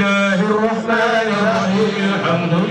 الله الرحمن الرحيم الحمد لله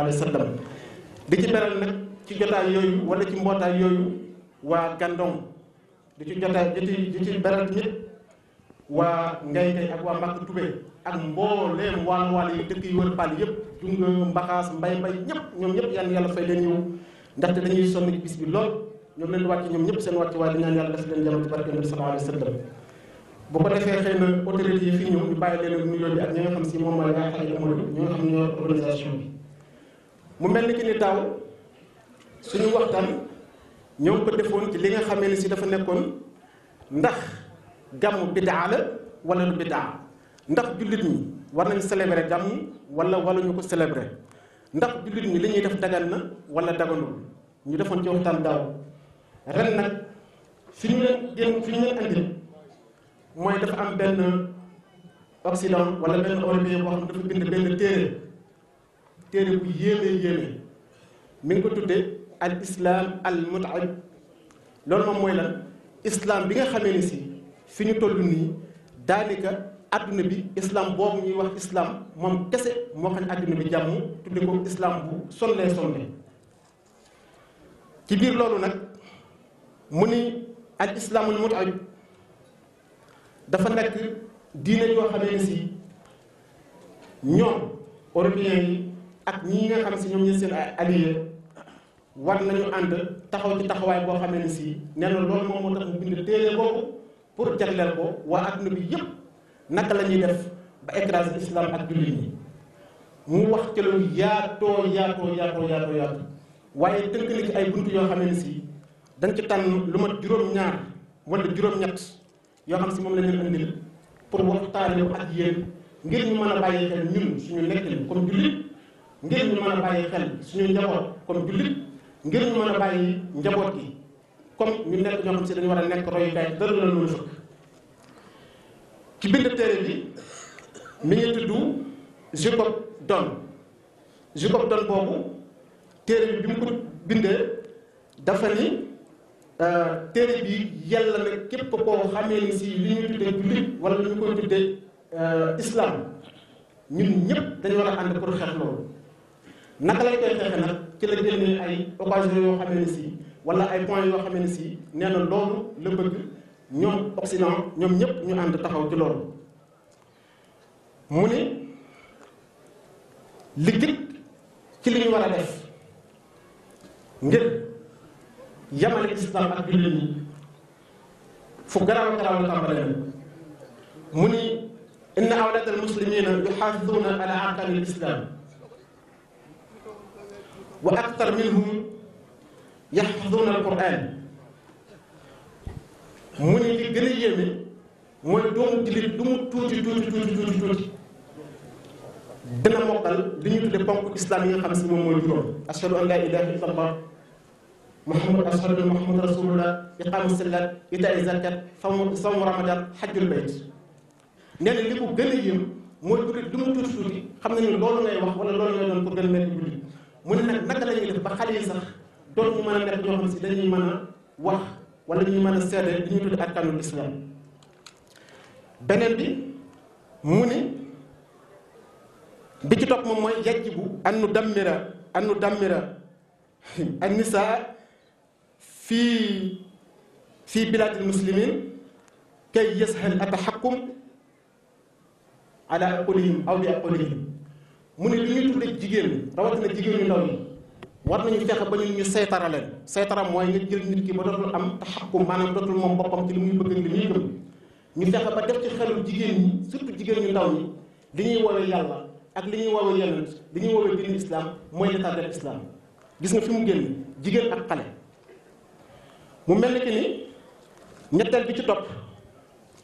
alayhi wa sallam di ci beral nag ci jotaay yooyu wala ci mbootaay yooyu wa Gandon di ci jotaay di ci ci beral ñëpp waa Ngay Kay ak waa Màkk Tubé ak mbooleem waal waal yi dëkk yi wër Pal yëpp junga mbaxaas mbay mbay ñëpp ñoom ñëpp yaan yàlla fay leen ñëw ndaxte dañuy sonn bis bi lool ñoom leen wàcc ñoom ñëpp seen wàcc waaye dañaan yàlla def leen jàmm barke nabi sallallahu alayhi wa sallam bu ko defee xëy autorité yi fii ñëw ñu bàyyi leen nuyoo bi ak xam si moom mooy waa xale amadou ñi xam organisation bi mu mel na ki ni daaw suñu waxtaan ñoo ngi ko defoon ci li nga xamee ni si dafa nekkoon ndax gàmmu bidaa la wala lu bidaa ndax jullit ñi war nañ célébrer gàmm wala wala ñu ko célébrer ndax jullit ñi li ñuy def dagan na wala daganul ñu defoon ci waxtaan daaw ren nag fi ñu leen génn fi ñu leen andil mooy dafa am benn Occident wala benn européen boo xam dafa bind benn téere téere bu yéeme yéeme mi ngi ko tudde al islam al mut'ab loolu moom mooy lan islam bi nga xamee ni si fi ñu toll nii daanaka àdduna bi islam boobu ñuy wax islam moom kese moo xam ne adduna bi jàmm tudde ko islam bu sonlee sonlee ci biir loolu nag mu ni al islamul mut'ab dafa nekk diine yoo xamee ni si ñoom européens ak ñi nga xam si ñoom ñu seen allié war nañu ànd taxaw ci taxawaay boo xamee ne si nee na loolu moom moo tax mu bind téere boobu pour jagleel ko waa bi yëpp naka la ñuy def ba écraser islam ak jullit mu wax ci lu yaatoo yaatoo yaatoo yaatoo yaatoo waaye tënk na ci ay bunt yoo xamee ne si dañ ci tànn lu mat juróom-ñaar wala juróom-ñett yoo xam si moom la leen andil pour waxtaanee ak yéen ngir ñu mën a bàyyi xel ñun suñu nekkin comme jullit ngir ñu mën a bàyyi xel suñu njaboot comme jullit ngir ñu mën a bàyyi njaboot gi comme ñu nekk ñoo xam si dañu war a nekk royukaay dara la mën a ci bind téere bi mi ngi tudd Don Jacob Don boobu téere bi bi mu ko bindee dafa ni euh, téere bi yàlla na képp koo xamee ni si li ñu tuddee jullit wala li ñu koy tuddee euh, islam ñun ñëpp dañu war a pour xeex loolu naka lay koy xeexe nag ci la génne ay occasion yoo xam ne si wala ay points yoo xam ne si nee na loolu la bëgg ñoom Occident ñoom ñëpp ñu ànd taxaw ci loolu mu ne liggéey ci li ñu war a def ngir yamale islam ak jullit ñi fu garaaw garaaw la tàmbalee mu ni inna awlatal muslimina yuxaafiduuna ala aqaani l islam وأكثر منهم يحفظون القرآن من اللي قرية من من دوم تلي دوم توتي توتي توتي توتي توتي دنا مقال دنيو تلي بانك إسلامي خمس مو مو يجور أشهد أن لا إله إلا الله محمد أشهد أن محمد رسول الله إقام الصلاة إداء الزكاة صوم رمضان حج البيت نال اللي قرية من مو تلي دوم توتي توتي خمس مو لون ولا لون ولا لون كوكب المدينة mu ne nag naka la ñuy def ba xale yi sax doon ñu mën a nekk ñoo xam si dañuy mën a wax wala ñuy mën a seede li ñuy tudd ak kanul islam beneen bi mu ni bi ci topp moom mooy yajibu an nu dammira an nu dammira an nisaa fii fii bilaadil muslimin kay yashal ataxakkum ala aqulihim aw li aqulihim mu ne li ñuy tudde jigéen rawatina jigéen ñu ndaw yi war nañu fexe ba ñu ñu saytara leen mooy nga jël nit ki ba dootul am taxakkum maanaam dootul moom boppam ci li muy bëgg ak li muy gëm ñu fexe ba def ci xelul jigéen ñi surtout jigéen ñu ndaw ñi li ñuy woowee yàlla ak li ñuy woowee yonent li ñuy woowee diinu islam mooy l'état de l'islam gis nga fi mu génn jigéen ak xale mu mel ni que ni ñetteel bi ci topp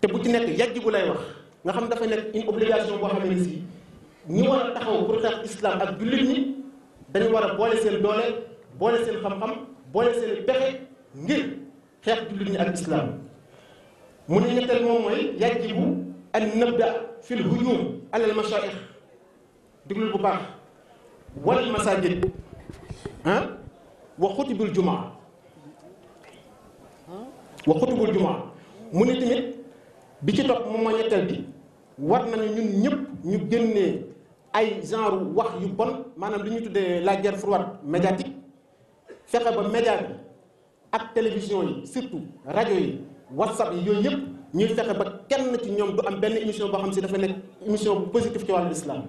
te bu ci nekk yàjj bu lay wax nga xam dafa nekk une obligation boo xam ne si ñi war a taxaw pour xeex islam ak jullit ñi dañu war a boole seen doole boole seen xam-xam boole seen pexe ngir xeex jullit ñi ak islam mu ne ñetteel moom mooy yajibu an nabda fi l hujum alal mashaayix déglul bu baax wal masajid ah wa xutibul jumaa wa xutubul jumaa mu ne tamit bi ci topp moom mooy ñetteel bi war nañu ñun ñëpp ñu génnee ay genre wax yu bon maanaam lu ñu tuddee la guerre froide médiatique fexe ba média bi ak télévision yi surtout rajo yi whatsapp yi yooyu yëpp ñuy fexe ba kenn ci ñoom du am benn émission boo xam si dafa nekk émission bu positif ci wàllu islam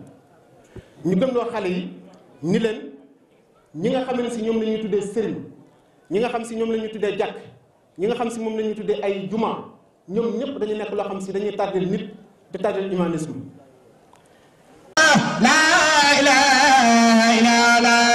ñu gëm loo xale yi ni leen ñi nga xam ne si ñoom la ñuy tuddee sëriñ ñi nga xam si ñoom la ñuy tuddee jàkk ñi nga xam si moom la ñuy tuddee ay jumaa ñoom ñëpp dañu nekk loo xam si dañuy tardel nit di tardel humanisme لا إله إلا الله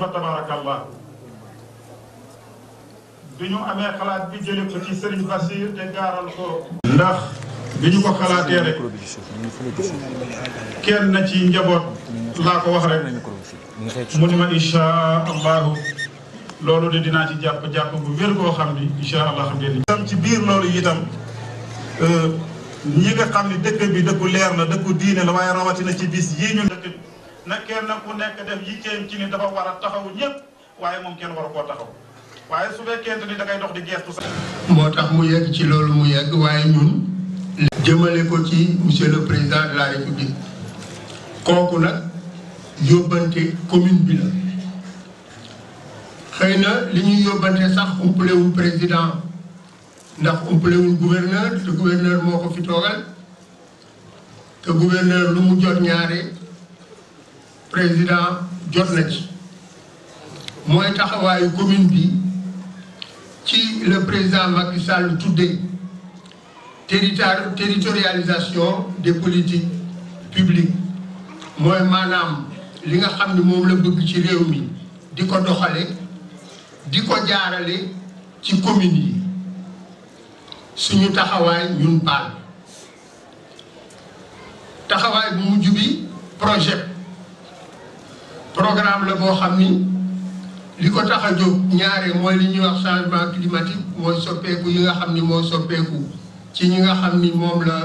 fa tabarakallah biñu amé xalaat bi jëlé ko ci serigne basir té garal ko ndax biñu ko xalaaté rek kenn ci njabot la ko wax rek munima insha allah lolu de dina ci japp japp bu wër ko xamni insha allah xam ngeen tam ci biir lolu yitam euh ñi nga xamni dëkk bi dëkku leer na dëkku diiné la way rawati na ci bis yi ñu dëkk na kenn ku nekk def yitteem ci ni dafa war a taxaw ñëpp waaye moom kenn war koo taxaw waaye su fekkente ni da ngay dox di gestu sax. moo tax mu yegg ci loolu mu yegg waaye ñun. jëmale ko ci monsieur le président de la république kooku nag yóbbante commune bi la xëy na li ñuy yóbbante sax umpalewul président ndax umpalewul gouverneur te gouverneur moo ko fi toogal te gouverneur lu mu jot ñaare président suis ci je suis commune bi ci le président Macky territorialisation des politiques publiques Moi, je li nga xamni mom la bëgg ci réew mi di ko doxale ci commune yi suñu ñun bu projet programme la boo xam ni li ko tax a ñaare moy li ñu wax changement climatique moy soppeku yi nga xamni moy soppeku ci ñi nga xamni mom la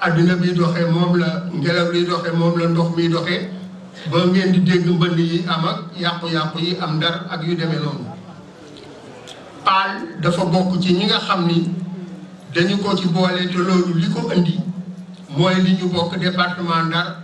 aduna bi doxé mom la ngelaw li doxé mom la ndox mi doxé ba ngeen di dégg mbënd yi am ak yaqku yaqku yi am dar ak yu démé non pal dafa bok ci ñi nga xamni dañu ko ci bolé té lolu li ko andi moy li ñu bok département ndar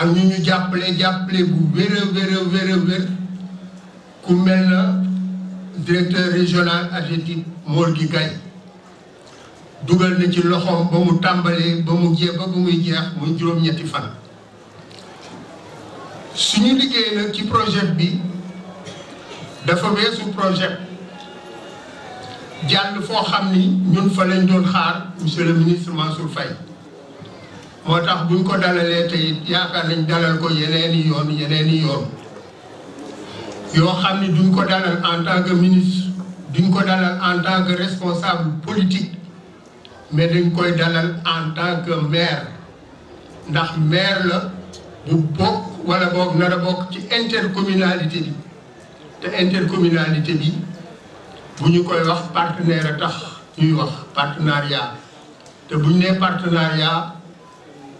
ak ñu ñu jàppale jàppale bu directeur régional a gi dugal na ci ba mu ba mu ba ñetti projet bi dafa weesu projet ñun fa monsieur le ministre Mansour Faye moo tax buñ ko dalalee tey yaakaar nañ dalal ko yeneeni yoon yeneeni yoon yoo xam ne duñ ko dalal en tant que ministre duñ ko dalal en tant que responsable politique mais dañ koy dalal en tant que maire ndax maire la bu bokk wala boog nar a bokk ci intercommunalité bi te intercommunalité bi bu ñu koy wax partenaire a tax ñuy wax partenariat te bu ñu nee partenariat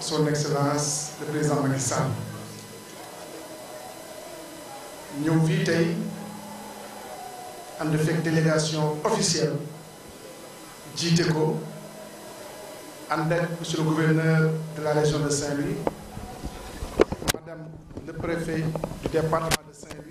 son excellence le président Macky Sall invitons en effet la délégation officielle jiite en tête, monsieur le gouverneur de la région de Saint-Louis madame le préfet du département de Saint-Louis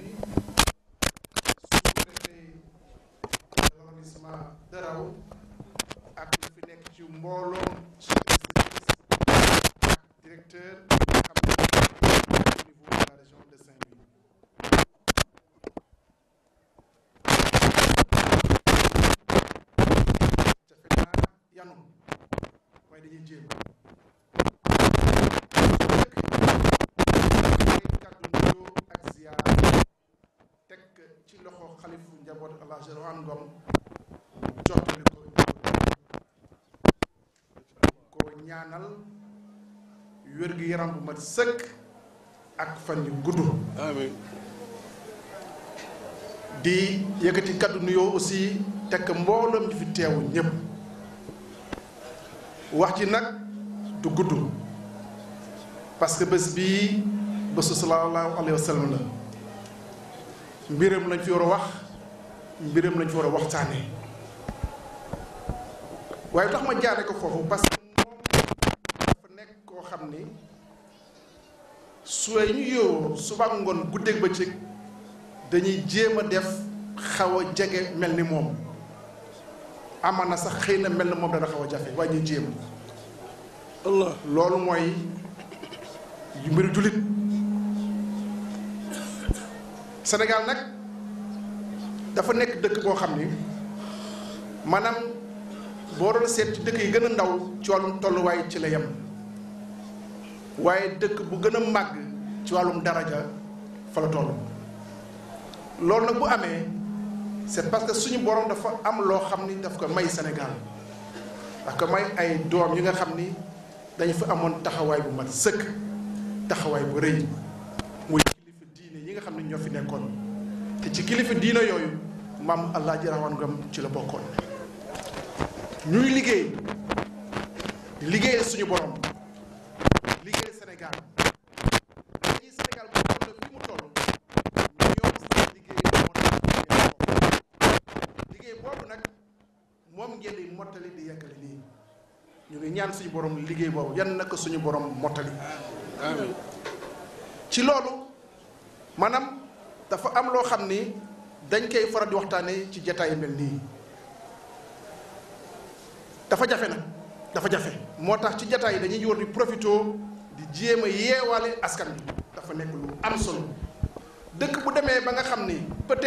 am bu mat sëkk ak fan yu gudd amen di yëkkati ya kaddu nuyo aussi tek mbolam ñu fi tewu ñëpp wax ci nak du gudd parce que bés bi bésu sallallahu alayhi wasallam la mbiram lañ ci wara wax mbiram lañ ci wara a waxtaane waaye tax ma jaare ko fofu parce que moom dafa nekk koo xam suwee ñu yóor suba ngoon guddeeg bëccëg dañuy jéem a def xaw a jege mel ni moom amana sax xëy na mel ni moom dana xaw a jafe waaye ñuy jéem Allah loolu mooy yu mbiru jullit Sénégal nag dafa nekk dëkk boo xam ni maanaam boo doon seet ci dëkk yi gën a ndaw ci wàllum tolluwaay ci la yem waaye dëkk bu gën a màgg ci wàllum daraja fa la toll loolu nag bu amee c'est parce que suñu borom dafa am loo xam ni daf ko may Sénégal daf ko may ay doom yi nga xam ni dañu fa amoon taxawaay bu ma sëkk taxawaay bu rëy muy kilifa diine yi nga xam ne ñoo fi nekkoon te ci kilifa diine yooyu maam allah ji rawan ngam ci la bokkoon ñuy liggéey liggéey suñu borom liggéey Sénégal ngeen di mottali di yeggale nii ñu ngi ñaan suñu borom liggéey boobu yan naka suñu borom mottali amiin ci loolu maanaam dafa am loo xam ni dañ koy faral di waxtaanee ci jataay mel nii dafa jafe na dafa jafe moo tax ci jataay yi dañuy war di profité di jéem a yeewaale askan bi dafa nekk lu am solo dëkk bu demee ba nga xam ni peut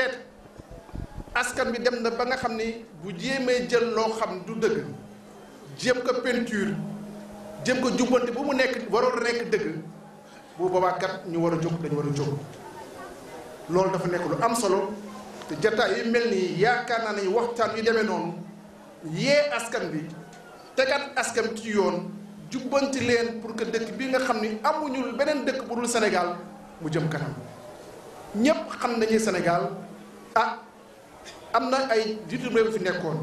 askan bi dem na ba nga xamni ni bu jéemee jël lo xam du deug jëm ko peinture jëm ko jubbante bu mu nek waro nek deug bu baba kat ñu war a dañ dañu war lool dafa nek lu am solo te jotta yi melni yakana yaakaar naa ne waxtaan yu deme non ye askan bi kat askan ci yoon jubbanti leen pour que dëkk bi nga xamni ni amuñu benen dëkk bu dul senegal mu jëm kanam ñepp xam nañu senegal ah am na ay jiitu réew fi nekkoon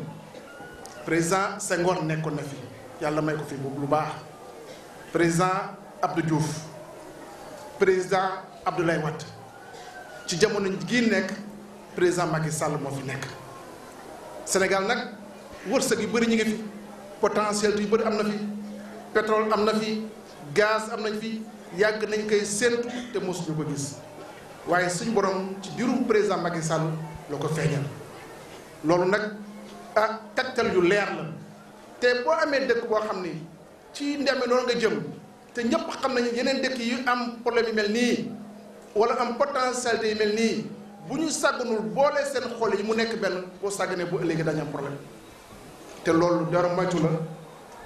président Senghor nekkoon na fi yàlla may ko fi boobu lu baax président Abdou Diouf président Abdoulaye Wade ci jamono gii nekk président Macky Sall moo fi nekk Sénégal nag wërsëg yu bëri ñu ngi fi potentiel yu bëri am na fi pétrole am na fi gaz am nañ fi yàgg nañ koy séentu te mosuñu ko gis waaye suñu borom ci diirum président Macky Sall la ko feeñal. loolu nag ah tegtal yu leer la te boo amee dëkk boo xam ni ci ndeme loolu nga jëm te ñëpp xam nañu yeneen dëkk yi am problème yu mel nii wala am potentialité yu mel nii bu ñu sàgganul boole seen xool yi mu nekk benn koo sàgganee bu ëllëgee dañu am problème te loolu dara moytu la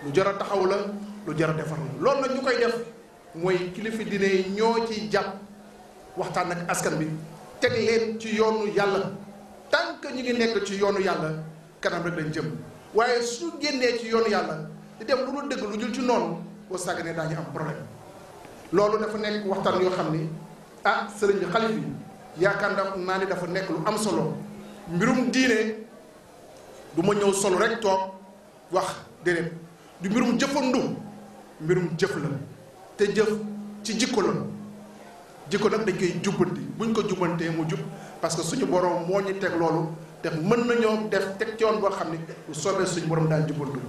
lu jar a taxaw la lu jar a defar la loolu nag ñu koy def mooy kilifa diine ñoo ci jàpp waxtaan ak askan bi teg leen ci yoonu yàlla. tant que ñu ngi nekk ci yoonu yàlla kanam rek lañ jëm waaye su génnee ci yoonu yàlla di dem lu dul dëgg lu jul ci noonu boo sàgganee daañu am problème loolu dafa nekk waxtaan yoo xam ni ah sëriñ bi xalif bi yaakaar naa ni dafa nekk lu am solo mbirum diine du ma ñëw solo rek toog wax déedéet du mbirum jëfandu mbirum jëf la te jëf ci jikko la jikko nag dañ koy jubbanti buñ ko jubbantee mu jub parce que suñu borom moo ñu teg loolu te mën nañoo def teg yoon boo xam ni bu soobee suñu borom daal jubantu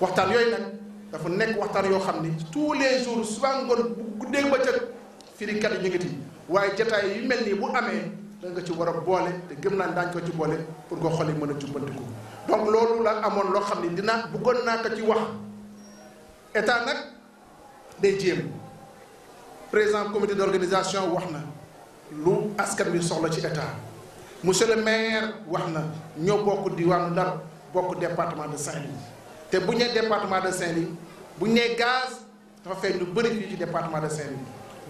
waxtaan yooyu nag dafa nekk waxtaan yoo xam ni tous les jours suba ngoon bu guddee bëccëg firikat yi ñu ngi ci waaye jataay yu mel nii bu amee da nga ci war a boole te gëm naa daañ ko ci boole pour nga xol yi mën a jubbantiku donc loolu la amoon loo xam ne dinaa bëggoon naa ko ci wax état nag day jéem président comité d' organisation wax na. lu askan bi soxla ci état monsieur le maire wax na ñoo bokk diwaanu Ndar bokk département de Saint-Louis te bu ñee département de Saint-Louis bu ñee gaz dafa fay lu bëri fii ci département de Saint-Louis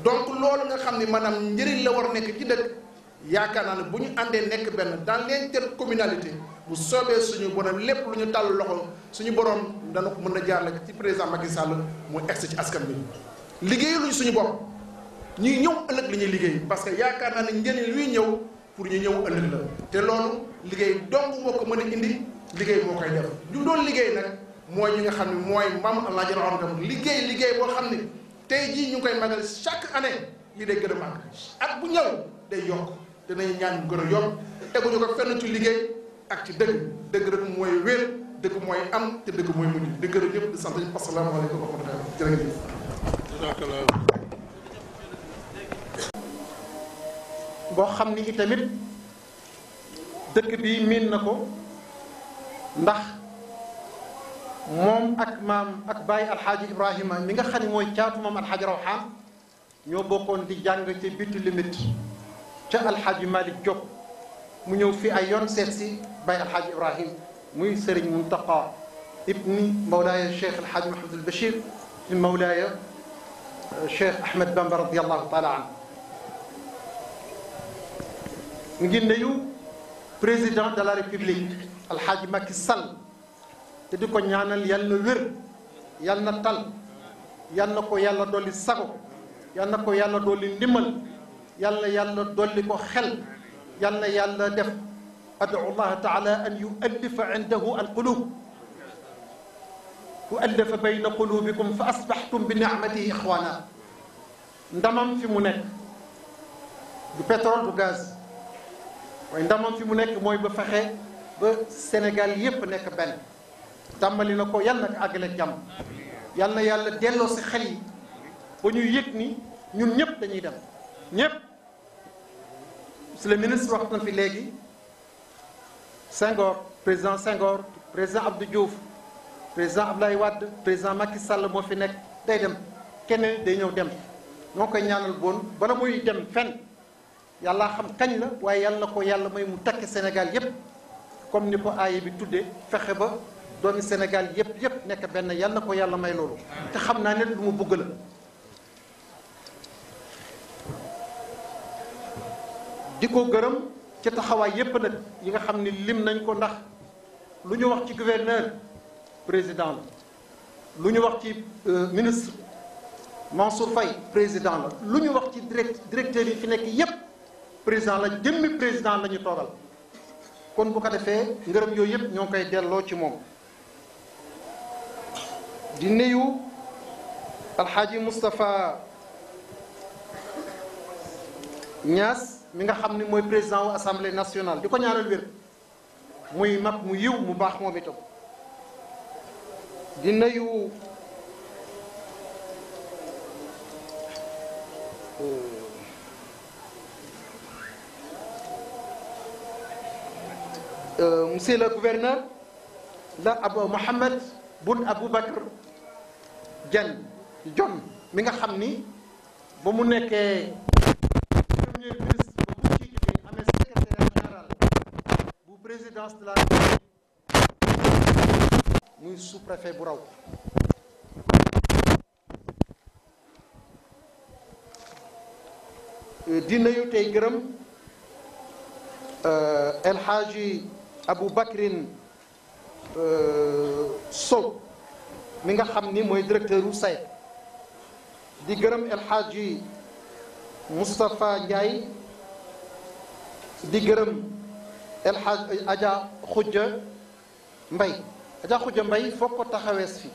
donc loolu nga xam ne maanaam njëriñ la war nekk ci dëkk yaakaar naa ne bu ñu àndee nekk benn dans communalité bu soobee suñu borom lépp lu ñu tàll loxo suñu borom dana ko mën a jaarale ci président Macky Sall mu egsi ci askan bi liggéeyaluñ suñu bopp. ñuy ñëw ëllëg la ñuy liggéey parce que yaakaar naa ne njëriñ luy ñëw pour ñu ñëw ëllëg la te loolu liggéey dong moo ko mën a indi liggéey moo koy def ñu doon liggéey nag mooy ñi nga xam ne mooy maam allah jël xam liggéey liggéey boo xam ne tey jii ñu ngi koy magal chaque année lii day gën a màgg at bu ñëw day yokk danañ ñaan gën a yokk teguñu ko fenn ci liggéey ak ci dëgg dëgg rek mooy wér dëgg mooy am te dëgg mooy mujj di gërëm ñëpp dëgg sant ñëpp asalaamaaleykum wa rahmatulah وخم نيجي ان دك بي مين نكو نخ مم أك مم أك باي الحاج إبراهيم مين خاني موي كات مم الحاج روحان يو بكون دي جانغ تي بيت ليميت تا الحاج مالك جوب مينو في أيون سيرسي باي الحاج إبراهيم مين سرين منطقة ابني مولاي الشيخ الحاج محمد البشير مولاي الشيخ أحمد بن رضي الله تعالى عنه ñu président de la république alxaaji Macky Sall te di ko ñaanal yal na wér yal na tal yal na ko yàlla dolli sago yal na ko yàlla dolli ndimbal yal na yàlla dolli ko xel yal na yàlla def ادعو الله تعالى ان يؤلف عنده القلوب وألف بين قلوبكم فأصبحتم بنعمته إخوانا ندمم في mu nekk du pétrole du gaz waaye ndamam fi mu nekk mooy ba fexe ba Sénégal yépp nekk benn tàmbali na ko yal na àggale jàmm yal na yàlla delloo si xel yi ba ñuy yëg ni ñun ñëpp dañuy dem ñëpp monsieur le ministre wax na fi léegi Senghor président Senghor président Abdou Diouf président Abdoulaye Wade président Macky Sall moo fi nekk day dem keneen day ñëw dem ñoo koy ñaanal boon bala muy dem fenn yàlla xam kañ la waaye yàlla ko yàlla may mu takk Sénégal yépp comme ni ko aaya bi tuddee fexe ba doomi Sénégal yépp yépp nekk benn yàlla ko yàlla may loolu te xam naa ne lu mu bëgg la di ko gërëm ci taxawaay yépp nag yi nga xam ni lim nañ ko ndax lu ñu wax ci gouverneur président la lu ñu wax ci ministre Mansour Faye président la lu ñu wax ci direct directeur yi fi nekk yépp président la jëmmi président la ñu toogal kon bu ko defee ngërëm yooyu yëpp ñoo koy delloo ci moom di nuyu alxaaji Moustapha Niass mi nga xam ni mooy président wu assemblée nationale ko ñaanal wér muy mag mu yiw mu baax moom itam di nuyu monsieur le gouverneur, la Abou Mohamed Boun Abou Bakr Djan, John mi nga que si ba mu le premier ministre ba mu le secrétaire général bu président de la République muy sous-préfet bu raw di nuyu tey gërëm El Hadji Abou Bakrin euh, Sow mi nga xam ni mooy directeur u SAED di gërëm El mustafa Moustapha di gërëm El Hadji Adja Khoudia Mbay Adja Mbay foog ko taxawees fi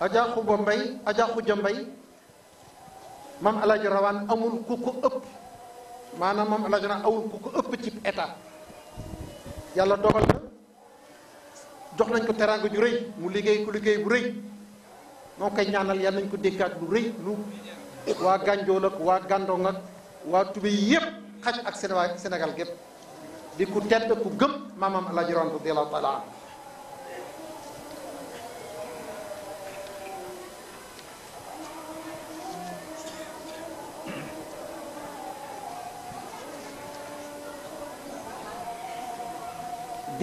Adja Khouba Mbay Adja Khoudia Mbay maam El Hadji Rawane amul ku ko ëpp maanaam maam El Hadji amul ku ëpp ci état yàlla dogal na jox nañ ko teraanga ju rëy mu liggéey ku liggéey bu rëy moo koy ñaanal yàlla nañ ko déggaat lu rëy lu waa Gànjool ak waa Gàndong ak waa Tubé yëpp xaj ak Sénégal gépp di ku tedd ku gëm maamam El Hadj Ron radiyallahu taala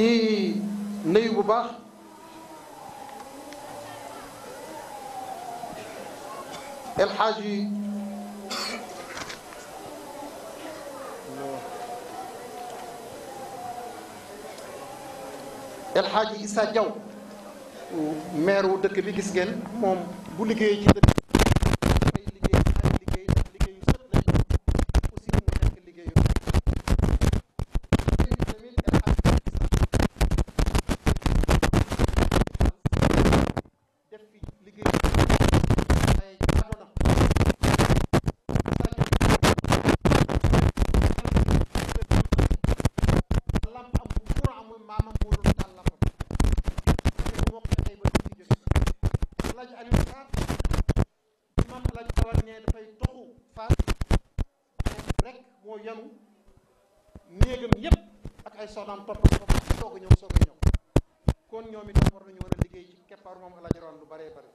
دي نيو باخ الحاجي الحاجي إسا جاو ميرو دك بي موم بو ليغي سي soxnaam ko a ñëw soog a ñëw kon ñoom itam war nañu war liggéey ci keppaaru moom El Hadj lu bëree bëri.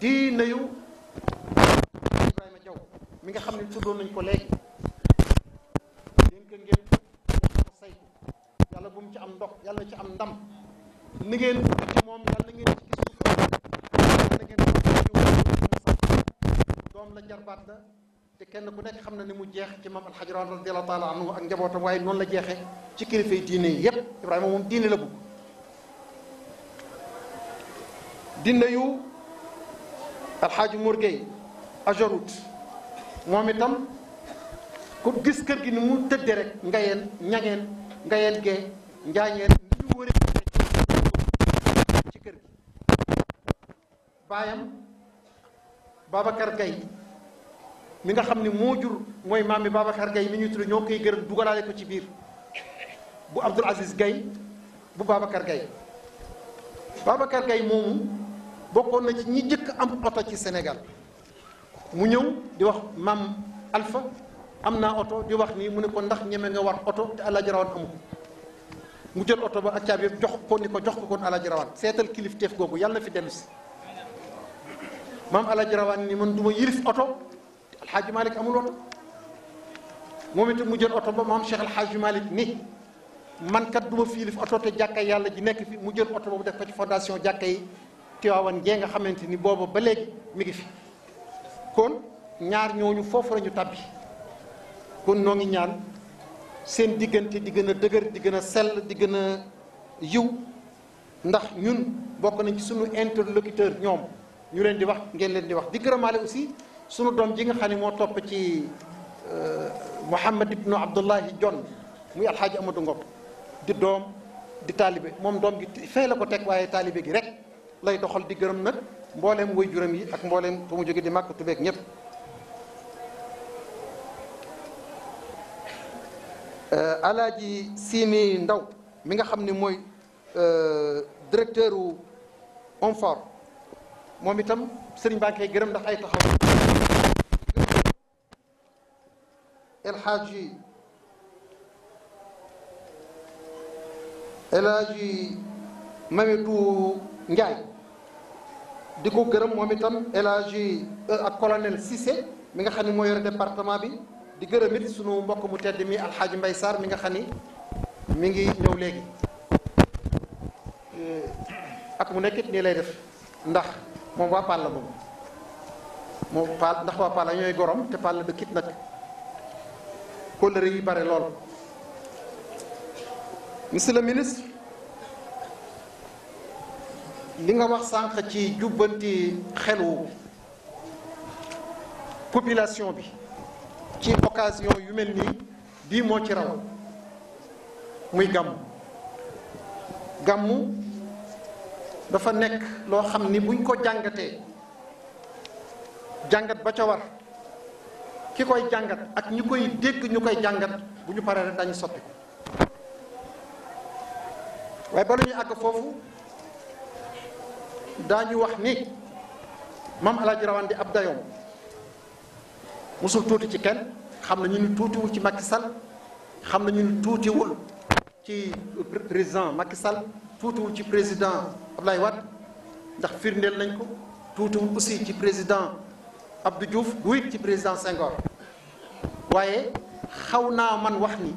di nuyu Ibrahima Diaw nga xam ne tuddoon nañ ko léegi dénk ngeen ko saytu yàlla bu ci am ndox yàlla ci am ndam ni ngeen ci moom yàlla na ngeen ci gis doom la jarbaat la. te kenn ku nekk xam na ni mu jeex ci maam alxaj Rawaan radiyallaahu taala anhu ak njabootam waaye noonu la jeexee ci kilifay diine yépp Ibrahima moom diine la bugg dina yu alxaaji Mourguey ajorout moom itam ku gis kër gi ni mu tëdde rek ngayeen ñangeen ngayeen gee njaañeen ni ñu wëri ci kër gi baayam Babacar Gaye mi nga xamni mo jur moy mammi mi Babacar Gaye mi ñu tuddu ñokay koy gërëm dugalaale ko ci biir bu abdul Aziz gay bu Babacar gay Babacar gay mom bokkon na ci ñi jëk am auto ci Sénégal mu ñëw di wax mam Alpha amna auto di wax ni mu ne ko ndax ñeme nga war auto te allah jara won amuko mu jël auto ba ak caabi yëpp jox ko ni ko jox ko kon allah jara won setal kilif teef gogu yàlla fi dem ci mam allah jara won ni man duma yirif auto alxaaji Malick amul oto moom itam mu jël oto ba mu am Cheikh alxaaji Malick ni man kat du ma fiilif oto te jàkka yàlla ji nekk fi mu jël oto boobu def ko ci fondation jàkka yi Tiwaawan jee nga xamante ni ñaar ñooñu foofu la tàbbi kon noo ngi ñaan seen diggante di gën dëgër di gën sell di gën a yiw ndax ñun bokk nañ ci suñu interlocuteur ñoom ñu leen di wax ngeen leen di wax di gërëmaale aussi sunu doom ji nga xam ne moo topp ci euh, Mouhamed ibnu Abdullahi John muy alxaaji Amadou Ngom di doom di taalibe moom doom gi fee la ko teg waaye taalibe gi rek lay doxal di gërëm nag mbooleem way juróom yi ak mbooleem fa mu jóge di màkk tubeeg ñëpp euh, alaaji Sini Ndaw mi nga xam ne mooy euh, directeur u ONFOR moom itam sëriñ baa ngi gërëm ndax ay taxaw الحاجي الحاجي ماميتو نجاي ديكو غرم ماميتان الحاجي الكولونيل أه، أه، سيسي ميغا خاني مويور ديبارتمان بي دي غرميت سونو مبوك مو تيد مي الحاج مبيسار ميغا خاني ميغي نيو ليغي ا أه، اك مو نيكيت ني لاي ديف نداخ مو با بالا مو مو بال نداخ با بالا نيوي غروم تي بالا دو كيت نك kóllëre yi bare lool monsieur le ministre li nga wax sànq ci jubbanti xelu population bi ci occasion yu mel nii bii moo ci raw muy gàmmu gàmmu dafa nekk loo xam ni buñ ko jàngatee jàngat ba ca war ki koy jàngat ak ñi koy dékk ñu koy jàngat bu ñu paree rek dañu sotti ko waaye ba lu ñuy àgg foofu daañu wax ni maam Alaaji Rawaan di ab dayoom mosul tuuti ci kenn xam na ñu ni tuutiwul ci Macky Sall xam na ñu ni tuutiwul ci président Macky Sall tuutiwul ci président Abdoulaye Wade ndax firndeel nañ ko tuutiwul aussi ci président ab du bu it ci président Senghor waaye xaw naa man wax ni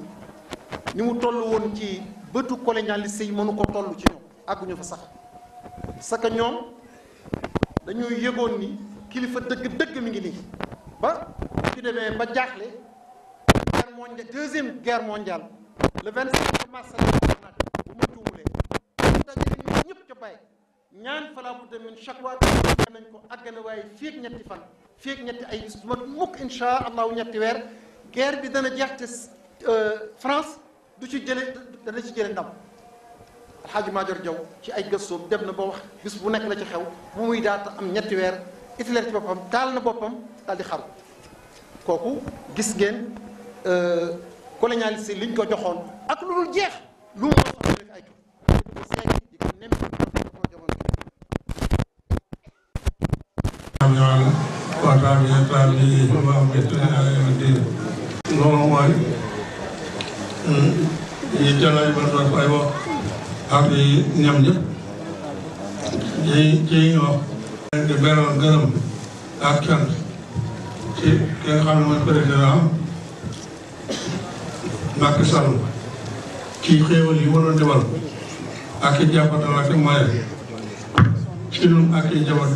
ni mu toll woon ci bëtu colonialiste yi mënu ko toll ci ñoom àgguñu fa sax parce que ñoom dañuy yëgoon ni kilifa dëgg dëgg mi ngi nii ba ñu demee ba jaaxle guerre mondiale deuxième guerre mondiale le vingt cinq bu ma juumulee dañu ñëpp ca bàyyi ñaan fala budda min shakwa nañ ko àggale waaye féeg ñetti fan féeg ñetti ay bis ma mukk insha allahu ñetti weer guerre bi dana jeex te France du ci jële dana ci jële ndam alxaaji Maajoor Jaw ci ay gëstoom dem na ba wax bis bu nekk la ci xew mu muy daata am ñetti weer Hitler ci boppam taal na boppam daal di xaru kooku gis ngeen colonialiste liñ ko joxoon ak lu dul jeex lu mu mos a ay tur di ko seeg di ko nemmi ربي ربي وأمتنا على الدين loolu mooy yi jëlay ba doon koy wax ak yi ñam ñëpp ci ci wax leen di beral gërëm ak cant ci ki nga xam ne mooy président Macky Sall ci xéewal yi waroon di ak i jàppandal ak i moyen ci ak i njaboot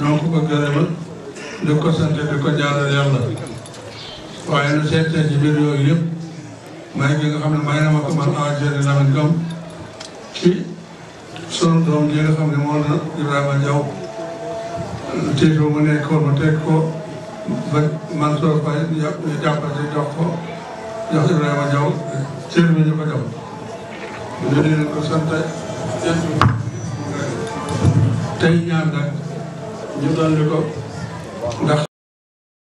ñoo ko ko gërëmal di ko sant di ko jaaral yàlla waaye lu seet seet ci yooyu yëpp may gi nga xam ne may na ma ko man agri Lamine Ngom ci sunu doom ji nga xam ne moo na Ibrahima Diaw tiit bu mu nekkoon mu teg ko ba Mansour Faye ñu jàppal ci jox ko jox Ibrahima Diaw cër bi ñu ko jox ñu di ko sant tey ñaan nag ñu dolli ko Да.